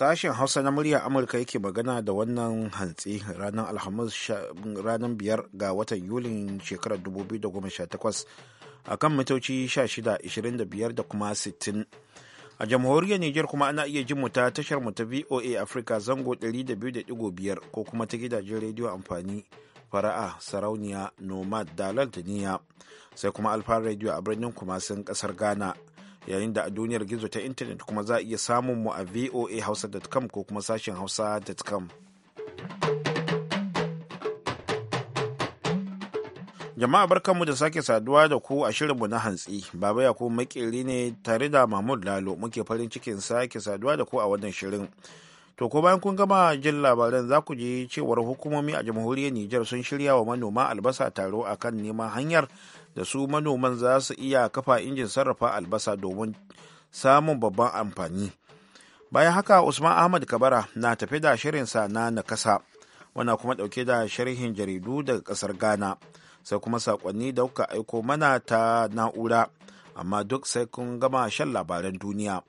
Sashen Hausa na murya Amurka yake magana da wannan hantsi ranar Alhamis ranar biyar ga watan Yulin shekarar 2018 a kan mitoci 16.25 da kuma 60. A jamhuriyar Nijar kuma ana iya jin ta tashar mu ta VOA Africa zango 200.5 ko kuma ta gidajen rediyo amfani fara'a sarauniya nomad dalal da sai kuma alfa radio a birnin kuma kumasin kasar Ghana. yayin da a duniyar gizo ta intanet kuma za a iya samun mu a voa hausa.com ko kuma sashen hausa.com jama'a barkanmu da sake saduwa da ku a shirinmu na hantsi baba ya makeri ne tare da mahmud lalo muke farin cikin sake saduwa da ku a wannan shirin To ko bayan kun gama jin labaran za ku ji cewar hukumomi a jamhuriyar Nijar sun shirya wa manoma albasa taro a kan neman hanyar da su manoman za su iya kafa injin sarrafa albasa domin samun babban amfani. Bayan haka Usman Ahmad Kabara na tafi da shirin shirinsa na nakasa, wana kuma dauke da sharhin jaridu daga kasar Ghana, sai kuma sakonni da kuka aiko mana ta na'ura, amma duk sai kun gama shan labaran duniya.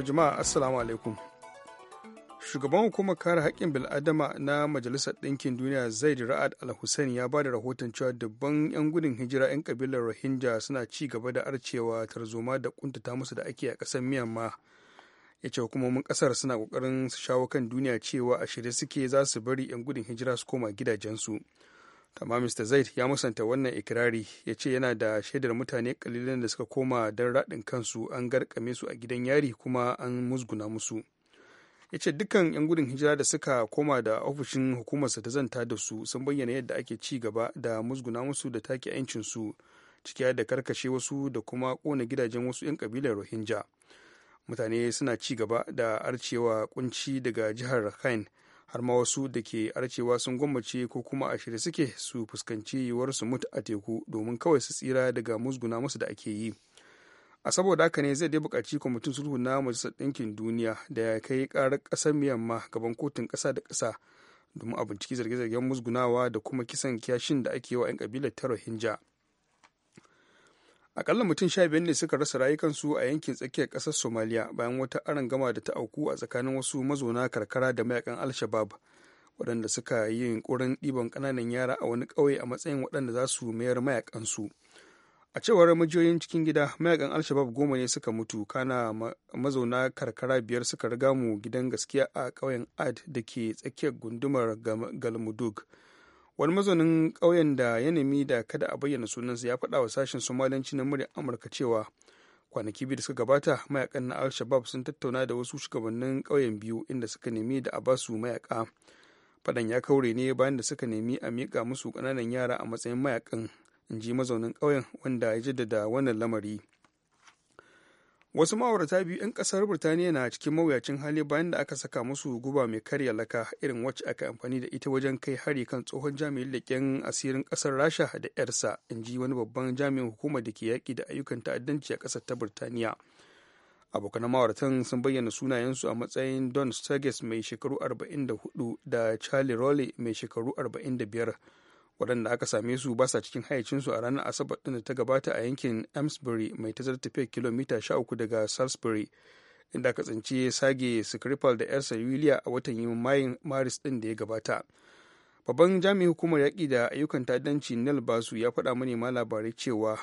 To jama'a assalamu alaikum. Shugaban hukumar kare haƙƙin bil'adama na Majalisar Ɗinkin Duniya Zaid Ra'ad Al-Hussein ya ba da rahoton cewa dubban 'yan gudun hijira 'yan kabilar Rohingya suna ci gaba da arcewa tarzoma da kuntata musu da ake a ƙasar Myanmar. Ya ce hukumomin ƙasar suna ƙoƙarin su shawo kan duniya cewa a shirye suke za su bari 'yan gudun hijira su koma gidajensu. amma mr zaid ya musanta wannan ikirari ya ce yana da shaidar mutane kalilan da suka koma don raɗin kansu an garkame su a gidan yari kuma an musguna musu ya ce dukkan 'yan gudun hijira da suka koma da ofishin hukumarsa ta zanta da su sun bayyana yadda ake ci gaba da musguna musu da take su ciki da karkashe wasu da kuma kona gidajen wasu 'yan kabilar rohingya mutane suna ci gaba da arcewa kunci daga jihar rakhine har ma wasu da ke arcewa sun gwammace ko kuma a shirye suke su fuskanci yiwuwar su mutu a teku domin kawai su tsira daga musguna musu da ake yi a saboda haka ne zai dai buƙaci kwamitin sulhu na majalisar ɗinkin duniya da ya kai ƙarar ƙasar miyamma gaban kotun ƙasa da ƙasa domin a binciki zarge-zargen musgunawa da kuma kisan kyashin da ake wa 'yan ƙabilar ta rohingya akalla mutum sha biyar ne suka rasa rayukansu a yankin tsakiyar ƙasar somaliya bayan wata gama da ta auku a tsakanin wasu mazauna karkara da mayakan alshabab shabab waɗanda suka yi yunkurin ɗiban ƙananan yara a wani ƙauye a matsayin waɗanda za su mayar mayakansu a cewar majiyoyin cikin gida mayakan alshabab goma ne suka mutu kana mazauna karkara biyar suka riga mu gidan gaskiya a ƙauyen ad da ke tsakiyar gundumar galmudug wani mazaunin ƙauyen da ya nemi da kada a bayyana sunansa ya faɗa wa sashen somalanci na murya amurka cewa kwanaki biyu da suka gabata mayakan na al-shabab sun tattauna da wasu shugabannin ƙauyen biyu inda suka nemi da a basu mayaka faɗan ya kaure ne bayan da suka nemi a miƙa musu ƙananan yara a matsayin mayakan in ji mazaunin ƙauyen wanda ya jaddada wannan lamari wasu ma'aurata biyu 'yan kasar birtaniya na cikin mawuyacin hali bayan da aka saka musu guba mai karya laka irin wacce aka amfani da ita wajen kai hari kan tsohon jami'in leƙen asirin kasar rasha da yarsa in ji wani babban jami'in hukumar da ke yaƙi da ayyukan ta'addanci a ƙasar ta birtaniya abokan ma'auratan sun bayyana sunayensu a matsayin don sturgis mai shekaru 44 da charlie rowley mai shekaru 45 waɗanda aka same su basa cikin hayacinsu a ranar asabar ɗin da ta gabata a yankin amsbury mai tazar tafiyar kilomita 13 daga salisbury inda aka tsinci sage skripal da yarsa yuliya a watan yin mayin maris ɗin da ya gabata babban jami'in hukumar yaƙi da ayyukan ta'addanci nel basu ya faɗa manema labarai cewa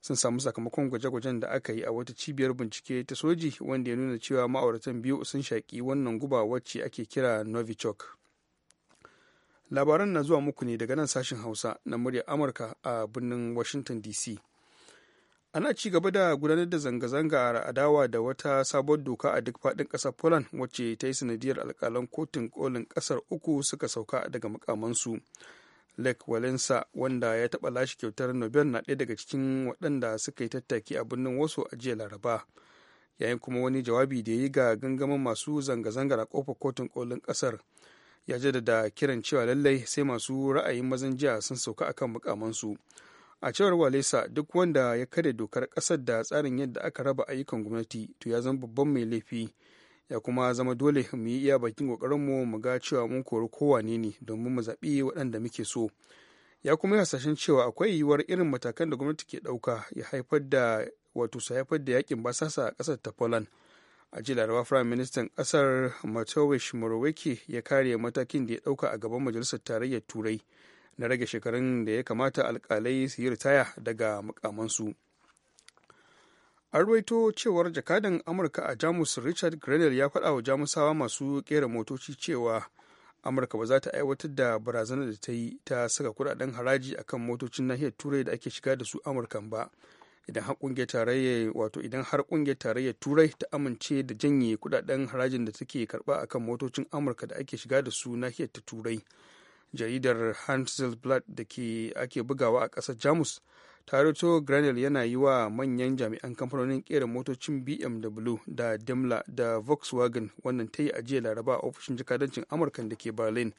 sun samu sakamakon gwaje-gwajen da aka yi a wata cibiyar bincike ta soji wanda ya nuna cewa ma'auratan biyu sun shaƙi wannan guba wacce ake kira novichok labaran na zuwa muku ne daga nan sashen hausa na muryar amurka a birnin washington dc ana ci gaba da gudanar da zanga-zanga a adawa da wata sabuwar doka a duk faɗin ƙasar poland wacce ta yi sanadiyar alkalan kotun kolin ƙasar uku suka sauka daga mukamansu lake walensa wanda ya taɓa lashe kyautar nobel na ɗaya daga cikin waɗanda suka yi tattaki a birnin wasu a jiya laraba yayin kuma wani jawabi da ya yi ga gangamin masu zanga-zangar a kofar kotun kolin ƙasar ya jaddada kiran cewa lallai sai masu ra'ayin mazan jiya sun sauka akan mukamansu a cewar walesa duk wanda ya kare dokar kasar da tsarin yadda aka raba ayyukan gwamnati to ya zama babban mai laifi ya kuma zama dole mu yi iya bakin kokarinmu mu ga cewa mun kori kowane ne domin mu zaɓi waɗanda muke so ya kuma yi hasashen cewa akwai yiwuwar irin matakan da gwamnati ke ɗauka ya haifar da wato su haifar da yakin basasa a ƙasar ta poland a ji laraba firayim ministan kasar matowish morowiki ya kare matakin da ya dauka a gaban majalisar tarayyar turai na rage shekarun da ya kamata alkalai su yi ritaya daga mukamansu an ruwaito cewar jakadan amurka a jamus richard grenell ya faɗa wa jamusawa masu kera motoci cewa amurka ba za ta aiwatar da barazanar da ta yi ta saka kudaden haraji akan motocin nahiyar turai da ake shiga da su amurkan ba idan har kungiyar tarayya wato idan har kungiyar tarayya turai ta amince da janye kudaden harajin da take karba akan motocin amurka da ake shiga da su nahiyar ta turai jaridar blood da ke ake bugawa a ƙasar jamus taroto granel yana yi wa manyan jami'an kamfanonin kera motocin bmw da daimler da volkswagen wannan ta yi ajiye laraba a ofishin jikadancin amurka da ke berlin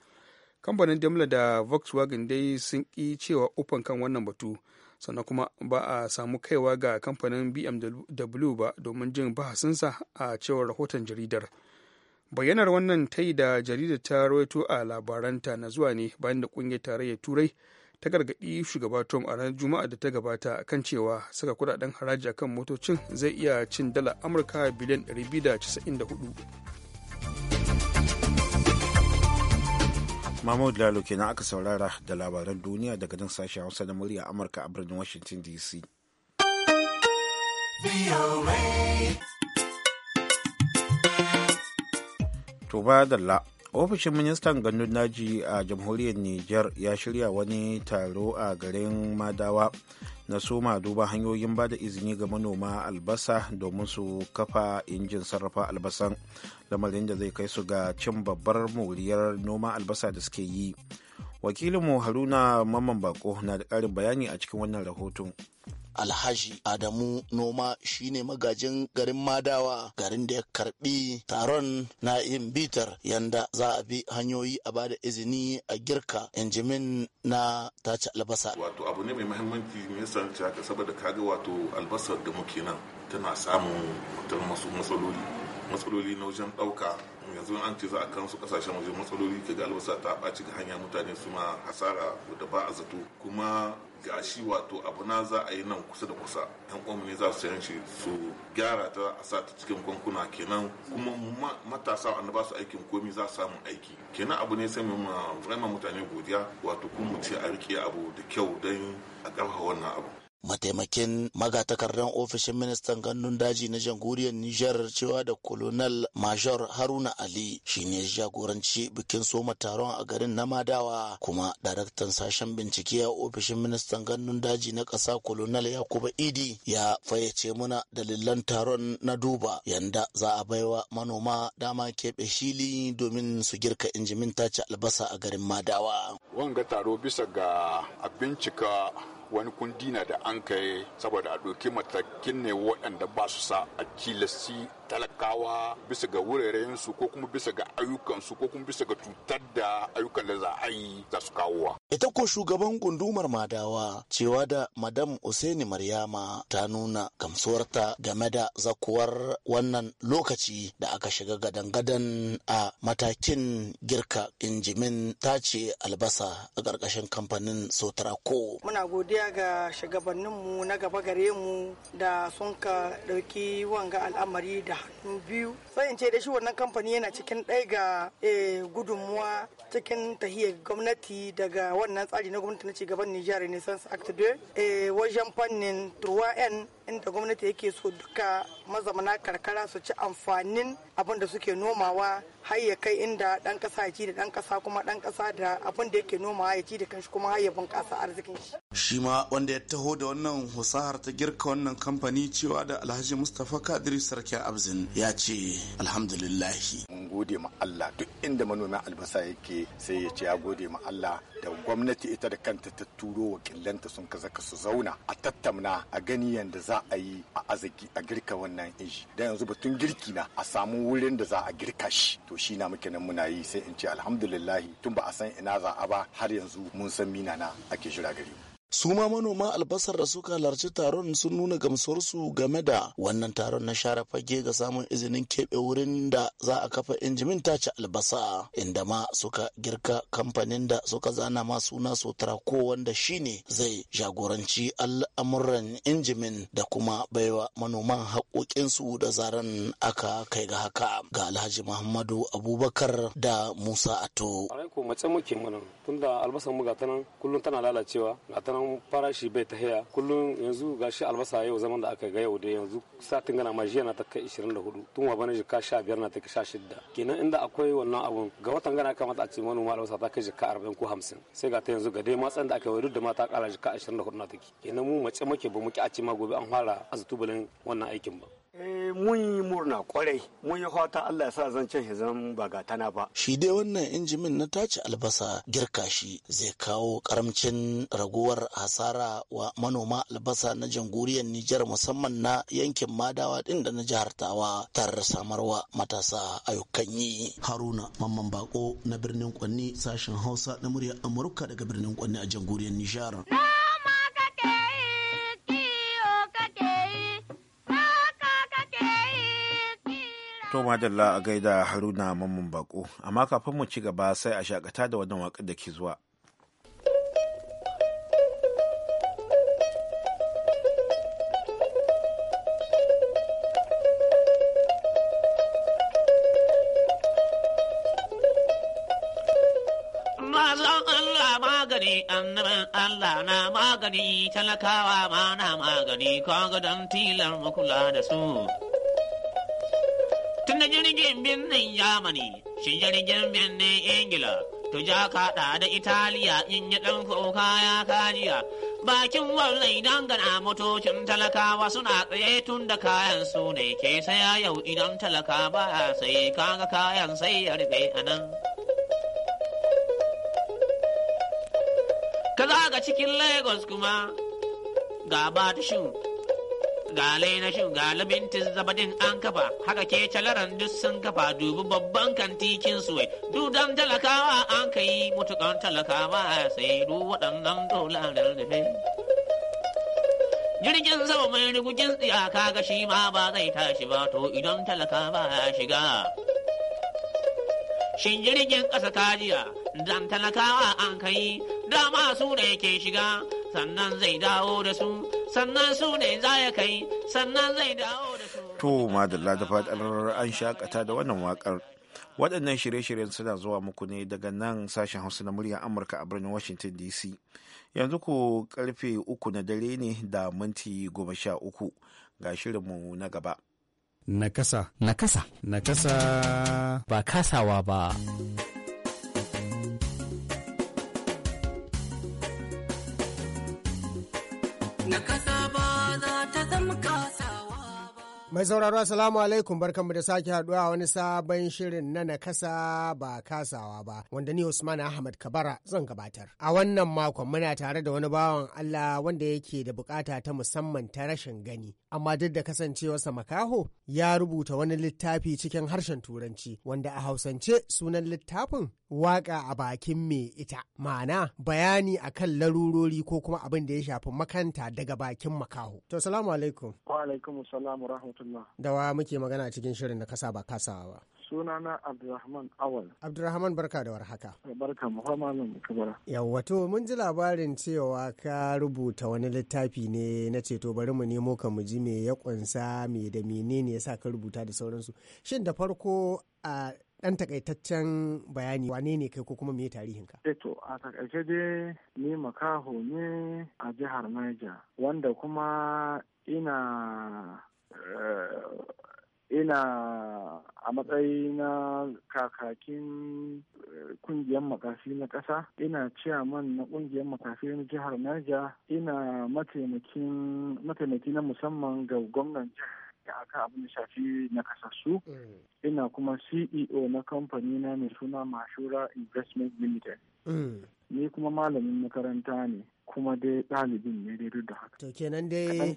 kamfanin daimler da volkswagen dai sun ƙi cewa ufan kan wannan batu sannan kuma ba a samu kaiwa ga kamfanin bmw ba domin jin bahasinsa a cewar rahoton jaridar bayyanar wannan ta yi da jaridar ta rawaito a labaranta na zuwa ne bayan da kungiyar tarayyar turai ta gargaɗi shugaba tom a ranar juma'a da ta gabata kan cewa saka kudaden haraji a kan motocin zai iya cin dala amurka biliyan 294 Mahmud Lalo kenan aka saurara da labaran duniya daga nan sashen Hausa na murya Amurka a birnin Washington DC. To ba da la ofishin ministan gandun daji a jamhuriyar niger ya shirya wani taro a garin madawa na soma duba hanyoyin ba da izini ga manoma albasa domin su kafa injin sarrafa albasan lamarin da zai kai su ga cin babbar moriyar noma albasa da suke yi wakilinmu haruna mamman bako na da ƙarin bayani a cikin wannan rahoton alhaji adamu noma shine magajin garin madawa garin da ya karbi taron na yin bitar yanda za a bi hanyoyi a bada izini a girka injimin na tace albasa wato abu ne mai mahimmanci me sanci haka saboda kaga wato albasar da muke nan tana samun matsaloli matsaloli na wajen dauka. yanzu an ce za a kan su kasashen waje matsaloli ke albasa ta ɓaci ga hanya mutane su ma hasara da ba a zato kuma gashi wato abu na za a yi nan kusa da kusa yan uwanmu ne za su sayan shi su gyara ta a sa ta cikin kwankuna kenan kuma matasa wanda ba su aikin komi za su samu aiki kenan abu ne sai mu ma mutane godiya wato kuma mu ce a rike abu da kyau don a ƙarfa wannan abu mataimakin magatakardan ofishin ministan gandun daji na jamhuriyar Nijar cewa da Colonel Major Haruna Ali shine jagoranci bikin soma taron a garin na Madawa kuma daraktan sashen bincike a ofishin ministan gandun daji na ƙasa Colonel Yakuba Idi ya fayyace muna dalilan taron na duba yanda za a baiwa manoma dama keɓe shili domin su girka injimin tace albasa a garin Madawa. Wanga taro bisa ga abincika. wani kundi na da an kai saboda a ɗauki matakin ne waɗanda ba su sa a kilasi talakawa bisa ga wuraren su, ko kuma bisa ga su ko kuma bisa ga cutar da ayyukan da za a yi za su kawowa. Ita ko shugaban gundumar Madawa cewa da Madam Usaini Maryama ta nuna gamsuwarta game da zakuwar wannan lokaci da aka shiga gadan-gadan a matakin girka injimin ta ce albasa a ƙarƙashin kamfanin Sotrako. Muna godiya ga shugabanninmu na gaba gare mu da sun ka ɗauki wanga al'amari da biyu sai in ce da shi wannan kamfani yana cikin ɗaya ga eh, gudunmuwa cikin tahiyar gwamnati daga wannan tsari na gwamnati na cigaban Nijar Renaissance Act 2 eh, wajen fannin 3N inda gwamnati yake so duka mazamana karkara su ci amfanin abin da suke nomawa har ya kai inda ɗan kasa ya ci da dan kasa kuma dan kasa da abin da yake nomawa ya ci da kanshi kuma har ya bunkasa arzikin shi shi ma wanda ya taho da wannan husahar ta girka wannan kamfani cewa da Alhaji Mustapha Kadiri Sarki Abzin ya ce alhamdulillahi gode ma Allah duk inda manomin albasa yake sai ya ce ya gode ma Allah da gwamnati ita da kanta ta turo wakilanta sun kaza ka su zauna a tattamna a gani yanda za a yi a azaki a girka wannan inji dan yanzu batun girki na a samu wurin da za a girka shi to shi na muke nan muna yi sai in ce alhamdulillah tun ba a san ina za a ba har yanzu mun san mina na ake shira gari su ma manoma albasar da suka halarci taron sun nuna gamsuwarsu game da wannan taron na share fage ga samun izinin keɓe wurin da za a kafa injimin tace albasa inda ma suka girka kamfanin da suka zana ma suna ko wanda shine zai jagoranci al'amuran injimin da kuma baiwa manoman haƙoƙinsu da zaran aka kai ga haka ga alhaji muhammadu abubakar da musa ato. tunda albasa mu gata nan kullum tana lalacewa gata nan farashi bai ta haya kullum yanzu gashi albasa yau zaman da aka ga yau da yanzu satin gana majiya na ta kai 24 tun ji ka sha biyar na ta kai shidda. kenan inda akwai wannan abun ga watan gana kamata a ce manoma albasa ta kai jika 40 ko 50 sai ga ta yanzu ga dai matsan da aka yi duk da mata kara jika 24 na take kenan mu mace muke ba mu ki a ce ma gobe an fara azutubalin wannan aikin ba Eh, mun yi murna kwarai mun yi fata Allah ya sa zan can zan ba gatana ba. Shi dai wannan injimin na tace albasa girka shi zai kawo karamcin raguwar hasara wa manoma albasa na jamhuriyar Nijar musamman na yankin Madawa din da na jihar Tawa tar samarwa matasa ayyukan yi. Haruna Mamman Bako na birnin Kwanni sashen Hausa na muryar Amurka daga birnin Kwanni a jamhuriyar Nijar. To madalla a gaida Haruna Mamman Bako, amma kafin mu ci gaba sai a shakata da wannan wakar da ke zuwa. annabin Allah na magani talakawa ma na magani kaga gadon tilar makula da su. jirgin birnin Yamani, shi jirgin birnin Ingila, ja kaɗa da Italiya in yi ɗan kuka ya kajiya. Bakin wallai gana motocin talakawa suna tsaye tun da kayan su ne ke saya yau idan talaka ba sai kaga kayan sai ya rufe a nan. Ka zaga cikin Lagos kuma ga ba galai na shin galibin labintin zabadin an kafa haka ke calaran duk sun kafa dubi babban kantikin su dudan talakawa an ka yi mutukan talakawa sai du waɗannan dolarar da jirgin sama mai rigujin tsiyaka ga shi ma ba zai tashi ba to idan talakawa ya shiga shin jirgin ƙasa kajiya dan talakawa an kai dama su da yake shiga sannan zai dawo da su sannan su ne za ya kai sannan zai dawo da su to madalla da fadar an shakata da wannan wakar waɗannan shirye-shiryen suna zuwa muku ne daga nan sashen hausa na muryar amurka a birnin washington dc yanzu ku karfe uku na dare ne da minti goma sha uku ga shirinmu na gaba nakasa nakasa nakasa ba kasawa ba Mai sauraro Assalamu alaikum barkanmu da sake haduwa a wani sabon shirin na nakasa ba kasawa ba wanda ni Usman Ahmad Kabara zan gabatar. A wannan makon muna tare da wani bawan Allah wanda yake da bukata ta musamman ta rashin gani amma duk da kasancewarsa makaho ya rubuta wani littafi cikin harshen turanci wanda a hausance sunan littafin waka a bakin me ita ma'ana bayani akan larurori ko kuma abin da ya shafi makanta daga bakin makaho to salamu alaikum wa alaikum salam rahmatullah da wa muke magana cikin shirin da kasa ba kasawa ba sunana abdulrahman awal abdulrahman barka da warhaka barka muhammadin kabara yawwa to mun ji labarin cewa ka rubuta wani littafi ne na ceto bari mu nemo ka mu ji me ya kunsa me da menene yasa ka rubuta da sauransu shin da farko a dan takaitaccen bayani wane ne kai ko kuma me tarihin ka? Eto eh a takaice dai ni makaho ne a jihar Niger wanda kuma ina eh, ina a matsayi na kakakin eh, kungiyar makafi na ƙasa ina ciyaman na kungiyar makafi na jihar Niger ina mataimaki na musamman ga gwamnan jihar aka abin da shafi na kasassu mm. ina kuma ceo na kamfani na mai suna mashura investment limited mm. ni kuma malamin makaranta ne kuma dai ɗalibin ne dai da haka. To kenan dai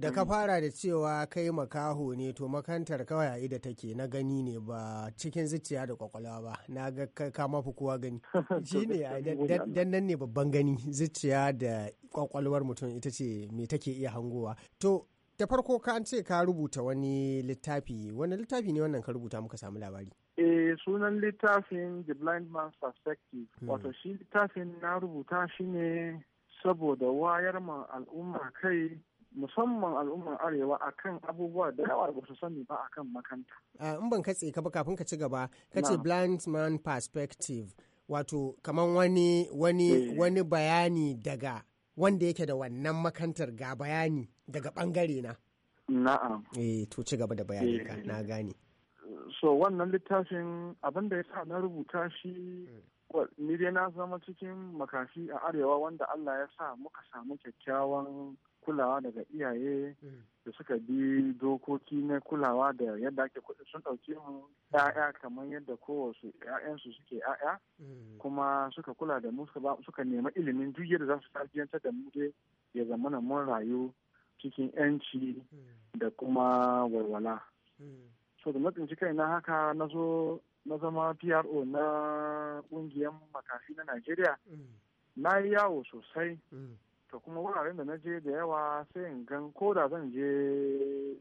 da ka fara da cewa kai makaho ne to makantar kawai a ida take na gani ne ba cikin zuciya da kwakwalwa ba na ga ka mafi kowa gani. Shi ne dan nan ne babban gani zuciya da kwakwalwar mutum ita ce me take iya hangowa. To da farko ka an ce ka rubuta wani littafi wani littafi ne wannan ka rubuta muka samu labari eh sunan littafin the blind man's perspective hmm. wato shi littafin na rubuta shi ne saboda wayar ma al'umma kai musamman al'ummar arewa akan abubuwa da yawa da su sani ba akan makanta. in ban katse ka ba kafin ka ci gaba ka ce blind man perspective wato kamar wani wani eh. wani bayani daga wanda yake da wannan makantar ga bayani daga bangare na. Na'am. Eh to ci gaba da bayani ka eh. na gane. So wannan littafin abin da ya sa na rubuta shi hmm. ni dai na zama cikin makafi a arewa wanda Allah ya sa muka samu kyakkyawan kulawa daga iyaye mm. da suka bi dokoki na kulawa da yadda ake kuɗi sun ɗauki mu ‘ya'ya kamar yadda kowace ‘ya'yansu suke ‘ya'ya mm. kuma suka kula da mu suka nema ilimin duk yadda za su tarbiyyantar da mu dai ya zamana mun rayu cikin ‘yanci mm. da kuma walwala. so da matsinci kai na haka na zo na zama PRO na kungiyar makafi na Najeriya. Na yi yawo sosai. To kuma wuraren da na je da yawa sai in gan ko da zan je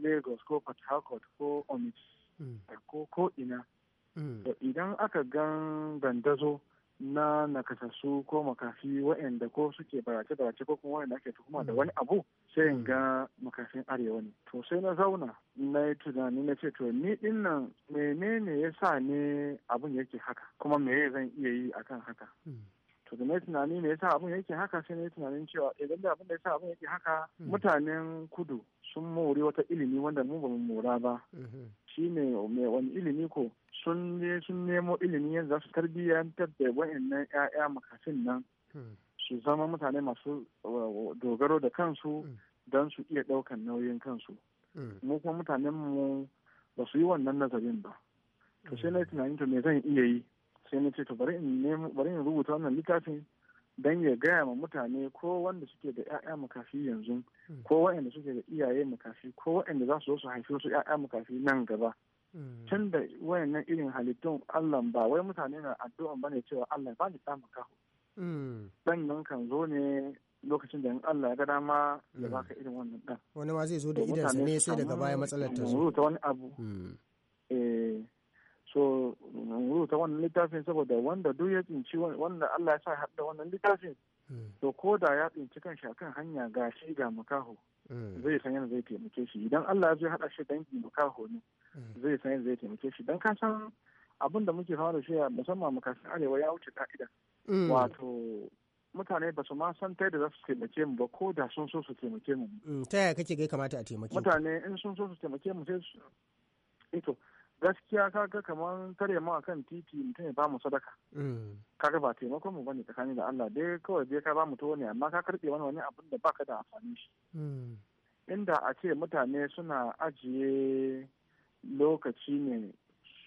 Lagos ko Port Harcourt ko Omis ko ko ina. Idan aka gan dandazo na nakasassu ko makafi waɗanda ko suke barace-barace ko kuma waɗanda ake tuhuma da mm. wani abu sai in mm. ga makafin arewa ne to sai na zauna na yi tunani na ce to ni din menene ya sa ne abun yake haka kuma me zan iya yi akan haka mm. to da na yi tunani me yasa abun yake haka sai na yi tunanin cewa eh, idan da abun da yasa abun yake haka mutanen kudu sun mori wata ilimi wanda mu bamu mora ba mm-hmm. shi ne wani ilimi ko sun je sun nemo ilimi yadda za su tarbiyyantar da wayannan 'ya'ya makasin nan hmm. su zama mutane masu uh, dogaro da kansu hmm. don su iya ɗaukan nauyin kansu hmm. mu kuma mutanen mu ba su yi wannan nazarin ba to sai na tunanin to me zan iya yi sai na ce to bari in rubuta wannan littafin don ya gaya ma mutane ko wanda suke da 'ya'ya makafi yanzu hmm. ko waɗanda suke da iyaye makafi ko waɗanda za su zo su haifi wasu 'ya'ya makafi nan gaba hmm. tun da wayannan irin halittun Allah ba wai mutane na addu'a ba ne cewa Allah ba ni samun kahu dan hmm. nan kan zo ne lokacin da Allah ya ga dama ya ka irin wannan dan wani ma zai zo da idansa ne sai daga baya matsalar ta zo ta wani abu eh so rubuta wannan littafin saboda wanda duk ya tsinci wanda Allah ya sa har wannan littafin hmm. to ko da ya tsinci kanshi kan hanya ga shi ga makaho hmm. zai san yadda zai taimake shi idan Allah zai hada shi dangi mukaho ne hmm. zai san yadda zai taimake shi dan ka san abin da muke fama da shi musamman kasan arewa ya wuce ka'ida wato mutane ba su ma san ta yadda za su taimake mu ba ko da sun so su taimake mu ta yaya kake ga kamata a taimake mutane in sun so su taimake mu sai ito gaskiya kaga kamar tare a kan titi mutum ya bamu sadaka mm. kaga ba taimakon mu bane tsakani da Allah dai kawai dai ka bamu tuwo ne amma ka karbe wani wani abin da baka da amfani shi mm. inda a ce mutane suna ajiye lokaci ne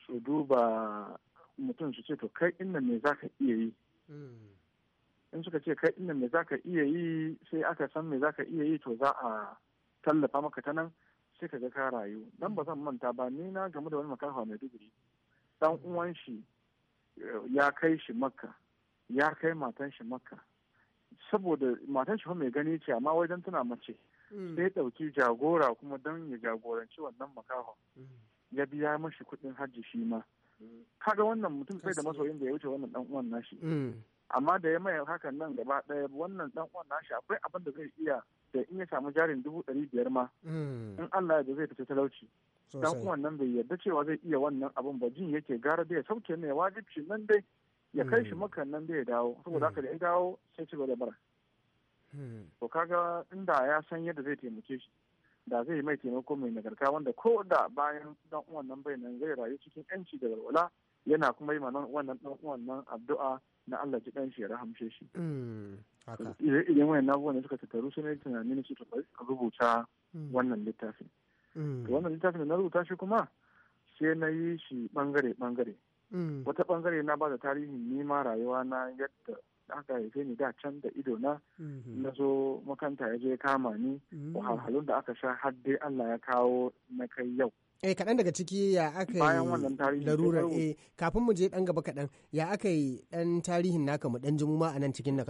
su duba mutum su ce to kai inda me zaka iya yi mm. in suka ce kai inda me zaka iya yi sai aka san me zaka iya yi to za a tallafa maka ta nan sai ka ga ka rayu dan mm. ba zan manta ba ni na game da wani makarfa mai digiri dan mm. uwan shi eh, ya kai shi makka ya kai matan shi makka saboda matan shi mai gani ce amma wajen tana mace mm. sai dauki jagora kuma dan ya jagoranci wannan makarfa ya biya mashi kuɗin hajji shi ma kaga wannan mutum sai da masoyin da ya wuce wannan dan uwan nashi amma da ya maye hakan nan gaba ɗaya wannan dan na nashi akwai abin da zai iya da in ya samu jarin dubu ɗari biyar ma mm. in Allah ya zai fita talauci dan uwan nan bai yarda cewa zai iya wannan abin ba jin yake gara da ya sauke ne wajibci nan dai ya kai shi mm. makan nan da ya dawo saboda haka da ya mm. dawo sai ci gaba bara to kaga inda ya san yadda zai taimake shi da zai mai taimako mai nagarta wanda ko da bayan dan uwan nan bai nan zai rayu cikin yanci da walwala yana na Allah ji ɗan shi ya rahamshe shi. Mm, Idan wayan abubuwan da suka tattaru sun yi tunanin su a rubuta mm. wannan littafin. Mm. Wannan littafin na rubuta shi kuma sai na yi shi bangare bangare. Wata bangare na ba da tarihin nima rayuwa na yadda aka haife ni da can da ido na mm-hmm. na zo makanta ya je kama ni wahalhalun da aka sha har dai Allah ya kawo na kai yau eh kaɗan daga ciki ya aka yi larurar eh kafin mu je ɗan gaba kaɗan ya aka yi ɗan tarihin naka mu ɗan jimu a nan cikin na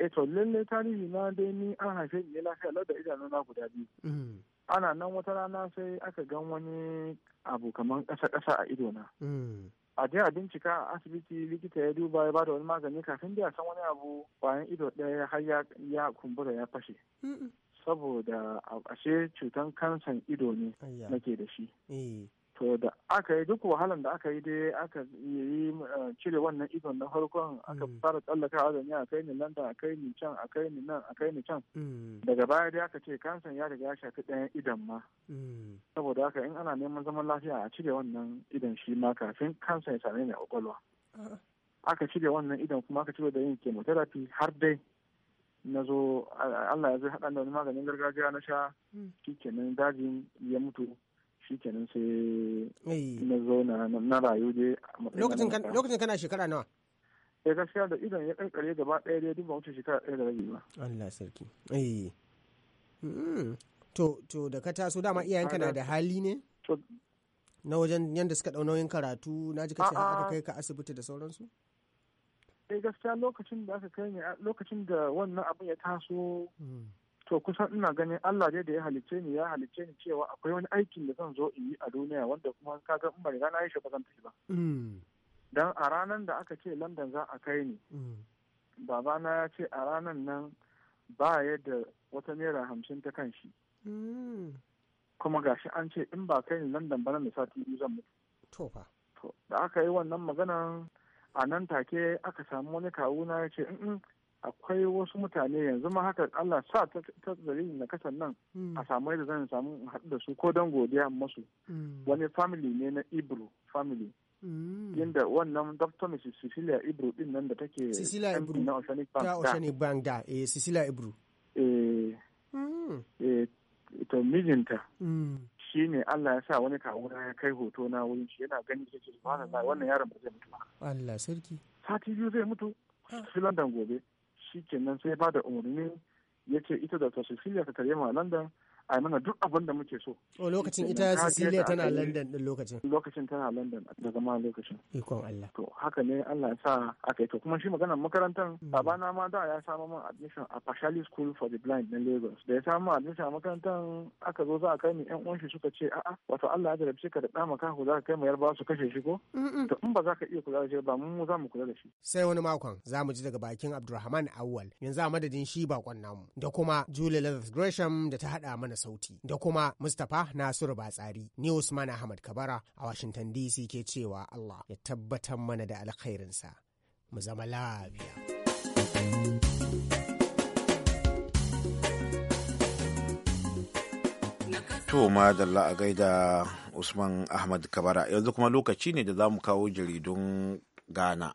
eh to lalle tarihi na dai ni an haife ni lafiya kai da idanu na guda biyu mm. ana nan wata rana sai aka gan wani abu kamar ƙasa ƙasa a ido na mm. a je a bincika a asibiti likita ya duba ya bada wani magani kafin da ya san wani abu bayan ido ɗaya har ya kumbura ya fashe saboda ashe cutan kansan ido ne nake da shi eh. to da aka yi duk wahalan da aka yi dai aka yi eh, cire wannan idon na farkon aka mm. fara tsallakawa da ni a kai ni da a kai ni can a kai ni nan a kai ni can mm. daga baya dai aka ce kansan ya riga ya shafi ɗayan idon ma mm. saboda haka in ana neman zaman lafiya a cire wannan idon shi ma kafin kansan ya same ni a kwakwalwa ah. aka cire wannan idon kuma aka cire da yin chemotherapy har dai na zo Allah ya zai haɗa da wani maganin gargajiya na sha hmm. kenan dajin ya mutu kenan sai na zo na rayu je lokacin kana shekara nawa ya eh, gaskiya da idan ya kankare gaba ɗaya dai duk ba wuce shekara ɗaya da rabi ba Allah sarki hmm. to to da ka taso dama iyayenka na da hali ne na wajen yadda suka ɗau nauyin karatu na ji kace haka kai ka asibiti da sauransu sai gaskiya lokacin da aka kai ne lokacin da wannan abin ya taso mm. to kusan ina ganin Allah dai da ya halicce ni ya halicce ni cewa akwai wani aikin da zan zo in yi a duniya wanda kuma ka ga in ban riga na yi shi zan tafi ba mm. dan a ranar da aka ce London za a kai ni mm. babana ya ce a ranar nan ba yadda wata naira hamsin ta kan shi kuma gashi an ce in ba kai ni London ba nan da sati biyu zan mutu to da aka yi wannan maganan a nan take aka samu wani na ya ce akwai wasu mutane yanzu ma haka Allah sa ta dalilin na kasan nan mm. a samu yadda zan samu haɗu da su ko don godiya masu mm. wani family ne na Ibro family mm. yadda wannan Dr. Mrs. Cecilia Ibro din nan da take Cecilia Ibro na Oceanic Bank ta Oceanic Bank da eh Cecilia Ibro eh eh to mijinta shi ne Allah ya sa wani kawo ya kai hoto na wurin shi yana gani shi ce subhanallah mm. wannan yaron ba zai mutu ba Allah sarki sati biyu zai mutu ah. shi London gobe shi kenan sai ba da umarni ya ce ita da ta Cecilia ta karye ma London a mana duk abin da muke so. O oh, lokacin ita Cecilia tana London din lokacin. Lokacin tana London da zama lokacin. Ikon Allah. To haka ne Allah ya sa aka yi to kuma shi maganar makarantar hmm. babana ma da ya samu min admission a Pashali School for the Blind na Lagos. Da ya samu admission a makarantar aka zo za a kai ni yan uwan shi suka ce a'a wato Allah ya jarabce ka da ɗa ko za ka kai ma yarba su kashe shi ko? To in ba za ka iya kula da shi ba mu za mu kula da shi. Sai wani makon za mu ji daga bakin Abdulrahman Awwal yanzu a madadin shi bakon namu da kuma Julie Leathers Gresham da ta haɗa mana sauti da kuma Mustapha Nasiru Batsari ni Usman Ahmad Kabara a Washington DC ke cewa Allah ya tabbatar mana da alkhairinsa mu zama lafiya. To madalla a gaida Usman Ahmad Kabara yanzu kuma lokaci ne da za mu kawo jaridun gana.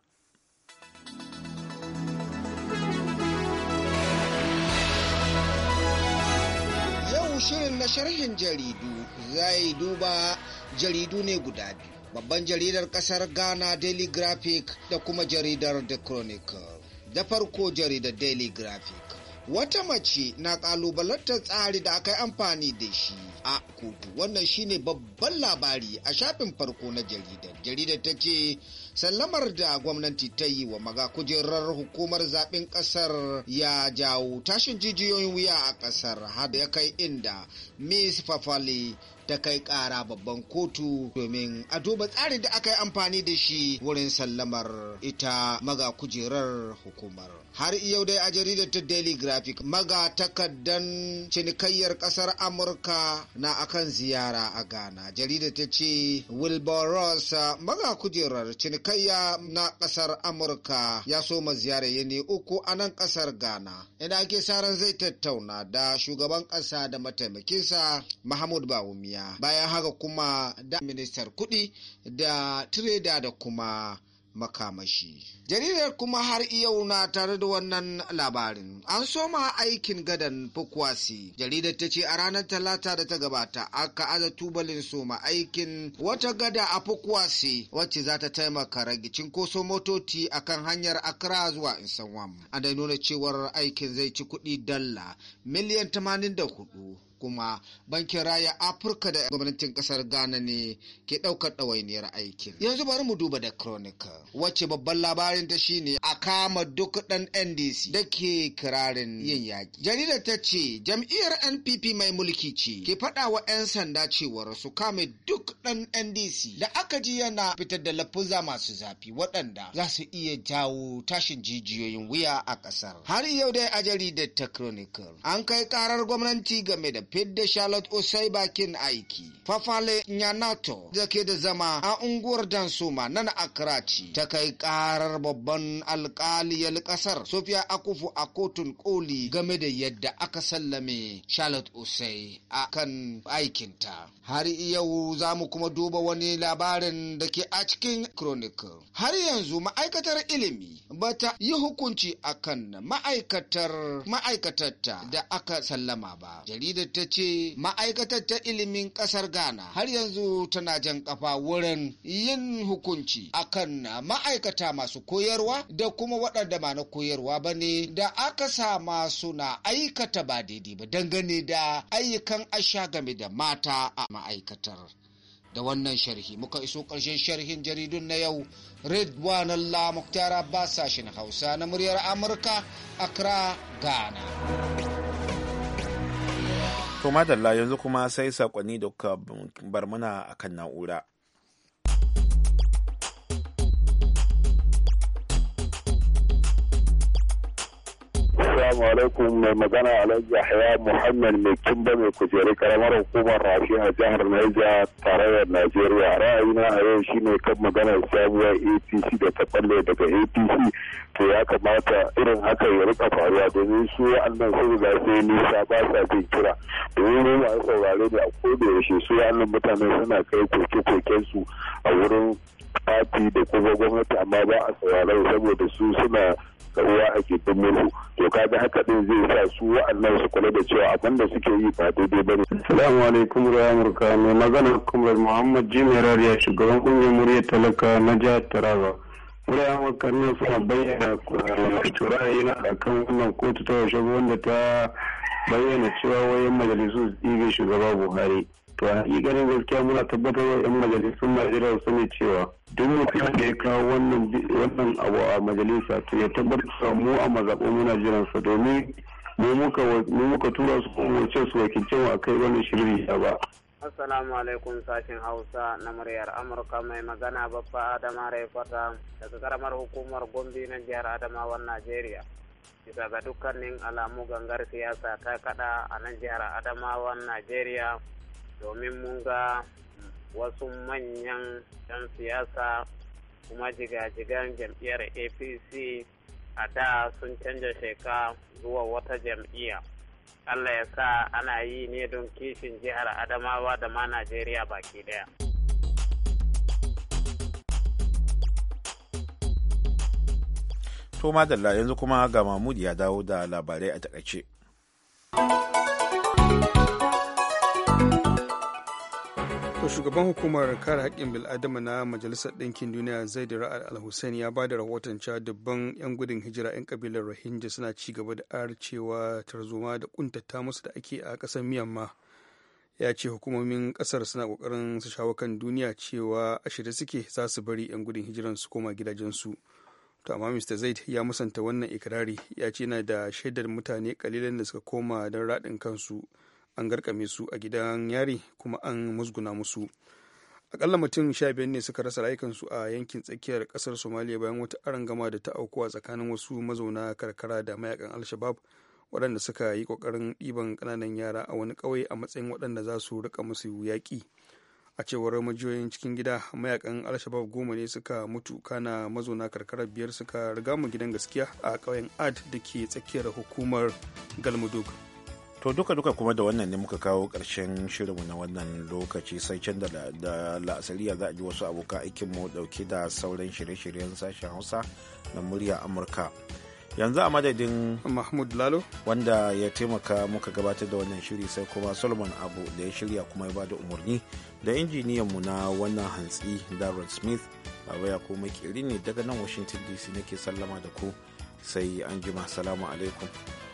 sharhin jaridu zai duba jaridu ne guda biyu babban jaridar kasar ghana daily graphic da kuma jaridar the chronicle da farko jaridar daily graphic wata mace na kalubalantar tsari da aka yi amfani da shi a kotu wannan shine babban labari a shafin farko na jaridar jaridar ta ce sallamar da gwamnati ta yi wa maga kujerar hukumar zaɓen ƙasar ya jawo tashin jijiyoyin wuya a ƙasar har ya kai inda miss fafali ta kai kara babban kotu domin a duba tsarin da aka yi amfani da shi wurin sallamar ita maga kujerar hukumar har yau dai a jaridar ta daily graphic maga takardan cinikayyar kasar amurka na akan ziyara a ghana jaridar ta ce wilbur ross maga kujerar cinikayya na kasar amurka ya soma ziyara yini uku a nan kasar ghana Ina ake saran zai tattauna da shugaban kasa da mataimakinsa mahmud bawumia bayan haka kuma da ministar kuɗi da tireda da kuma makamashi. Jaridar kuma har yau na tare da wannan labarin. An soma aikin gadan fukwasi. Jaridar ta ce a ranar talata da ta gabata aka aza tubalin soma aikin wata gada a fukwasi wacce za ta taimaka rage cinkoso motoci a kan hanyar akra zuwa Insanwam. An da nuna cewar aikin zai ci kuɗi dalla miliyan tamanin da hudu. kuma bankin raya afirka da gwamnatin kasar ghana ne ke ɗaukar ɗawainiyar aikin yanzu bari mu duba da chronicle wacce babban labarin ta shine a kama duk ɗan ndc da ke kirarin yin yaƙi jaridar ta ce jam'iyyar npp mai mulki ce ke faɗa wa 'yan sanda cewar su kame duk ɗan ndc da aka ji yana fitar da lafuza masu zafi waɗanda za su iya jawo tashin jijiyoyin wuya a ƙasar har yau dai a jaridar ta chronicle an kai karar gwamnati game da fidda Charlotte Osei bakin aiki. Fafale Nyanato da ke da zama a unguwar Dansuma nan Akrachi ta kai karar babban alkaliyar kasar Sofia Akufu a kotun koli game da yadda aka sallame Charlotte Osei a kan aikinta. Har yau za mu kuma duba wani labarin da ke a cikin Chronicle. Har yanzu ma'aikatar ilimi ba ta yi hukunci akan ma'aikatar ma'aikatarta da aka sallama ba. Jaridar ta ce ma'aikatar ta ilimin ƙasar Ghana har yanzu tana jan ƙafa wurin yin hukunci akan ma'aikata masu koyarwa da kuma waɗanda ma na koyarwa ba ne da aka sama suna aikata ba daidai ba dangane da ayyukan asha game da mata a ma'aikatar. Da wannan sharhi muka iso ƙarshen sharhin jaridun na yau Redwan Allah Muktar Abbas sashin Hausa na muryar Amurka Accra, Ghana. To madalla yanzu kuma sai sakonni da kuka bar mana a kan na'ura. Assalamu alaikum mai magana Alhaji yahaya Muhammad mai kimba mai kujeru karamar hukumar rafi a jihar Niger tarayyar Najeriya. Ra'ayina a yau shine kan maganar sabuwar APC da ta balle daga APC to ya kamata irin haka ya rika faruwa domin su wa'annan sun riga sai nisa ba sa jin kira. Domin mu masu saurare ne a koda yaushe su wa'annan mutane suna kai koke su a wurin fati da kuma gwamnati amma ba a saurare saboda su suna ruwa a gindin mulku to ka da haka din zai sa su wa'annan su kula da cewa abin da suke yi ba daidai ne. Salamu alaikum wa amurka mai magana kumar muhammad jimmy Rariya shugaban kungiyar muryar talaka na jihar taraba muryar amurka ne suna bayyana ra'ayi na akan wannan kotu ta yaushe wanda ta bayyana cewa wayan majalisun ɗibe shugaba buhari to a ganin gaskiya muna tabbatar da yan majalisun najeriya su ne cewa duk mutum da ya kawo wannan abu a majalisa to ya tabbatar mu a mazaɓo muna jiran sa domin mu muka tura su ce su wakilce mu a kai wannan ya ba Assalamu alaikum sashen Hausa na muryar Amurka mai magana babba Adama Raifata daga karamar hukumar Gombe na jihar Adamawan Najeriya. Bisa ga dukkanin alamu gangar siyasa ta kada a nan jihar Adamawan Najeriya domin mun ga wasu manyan 'yan siyasa kuma jigajigan jam'iyyar apc a da sun canja sheka zuwa wata jam'iyya allah ya sa ana yi ne don kishin jihar adamawa da ma najeriya baki daya to madalla yanzu kuma ga mahmud ya dawo da labarai a takaice. To shugaban hukumar kare haƙƙin bil'adama na Majalisar Ɗinkin Duniya Zaid Ra'ad Al Hussein ya ba da rahoton cewa dubban 'yan gudun hijira 'yan kabilar Rohingya suna ci gaba da arcewa tarzoma da kuntata musu da ake a ƙasar miyamma Ya ce hukumomin ƙasar suna ƙoƙarin su shawo kan duniya cewa a shirye suke za su bari 'yan gudun hijiran su koma gidajensu. To amma mista Zaid ya musanta wannan ikirari ya ce yana da shaidar mutane kalilan da suka koma don raɗin kansu. an garkame su a gidan yari kuma an musguna musu akalla mutum sha biyar ne suka rasa rayukansu a yankin tsakiyar kasar somaliya bayan wata arangama da ta auku a tsakanin wasu mazauna karkara da mayakan alshabab waɗanda suka yi kokarin ɗiban ƙananan yara a wani ƙauye a matsayin waɗanda za su rika musu yaƙi a cewar majiyoyin cikin gida mayakan alshabab goma ne suka mutu kana mazauna karkara biyar suka riga mu gidan gaskiya a ƙauyen ad da ke tsakiyar hukumar galmudug to duka-duka kuma da wannan ne muka kawo ƙarshen shirinmu na wannan lokaci sai can da la'asariya za a ji wasu abokan mu dauke da sauran shirye-shiryen sashen hausa na murya amurka yanzu a madadin mahmud lalo wanda ya taimaka muka gabatar da wannan shiri sai kuma solomon abu da ya shirya kuma ya bada umarni da injiniyanmu na wannan hantsi darren smith baba ya kuma kiri ne daga nan washington dc nake sallama da ku sai an jima salamu alaikum